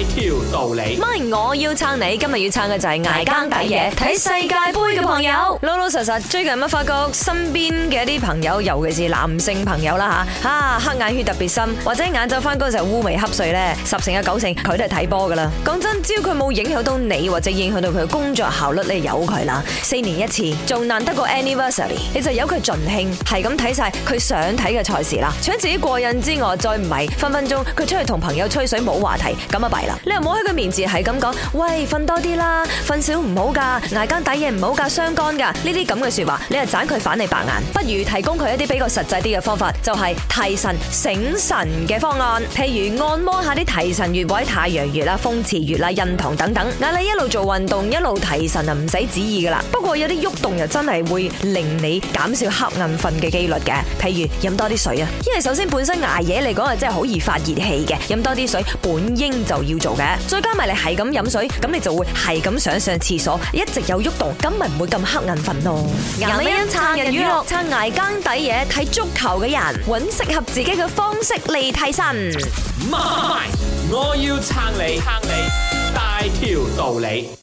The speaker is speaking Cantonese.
一條道理，咪我要撐你，今日要撐嘅就係挨更抵夜，睇世界杯嘅朋友，老老實實，最近乜發覺身邊嘅一啲朋友，尤其是男性朋友啦吓，啊黑眼圈特別深，或者晏晝翻工嘅時候烏眉瞌睡咧，十成有九成佢都係睇波噶啦。講真，只要佢冇影響到你，或者影響到佢嘅工作效率，你由佢啦。四年一次仲難得過 anniversary，你就由佢盡興，係咁睇晒佢想睇嘅賽事啦。除咗自己過癮之外，再唔係分分鐘佢出去同朋友吹水冇話題，咁啊弊你又唔好喺佢面前係咁講，喂瞓多啲啦，瞓少唔好噶，挨更抵夜唔好噶，傷肝噶，呢啲咁嘅說話，你又盞佢反你白眼，不如提供佢一啲比較實際啲嘅方法，就係、是、提神醒神嘅方案，譬如按摩一下啲提神穴位，太陽穴啦、風池穴啦、印堂等等，嗌你一路做運動，一路提神啊，唔使旨意噶啦。不過有啲喐動又真係會令你減少瞌眼瞓嘅幾率嘅，譬如飲多啲水啊，因為首先本身挨夜嚟講啊，真係好易發熱氣嘅，飲多啲水本應就要。要做嘅，再加埋你係咁飲水，咁你就會係咁想上廁所，一直有喐動，咁咪唔會咁黑眼瞓咯。有一撐人娛樂，撐捱更抵夜，睇足球嘅人，揾適合自己嘅方式嚟替身。我要撐你，撐你大條道理。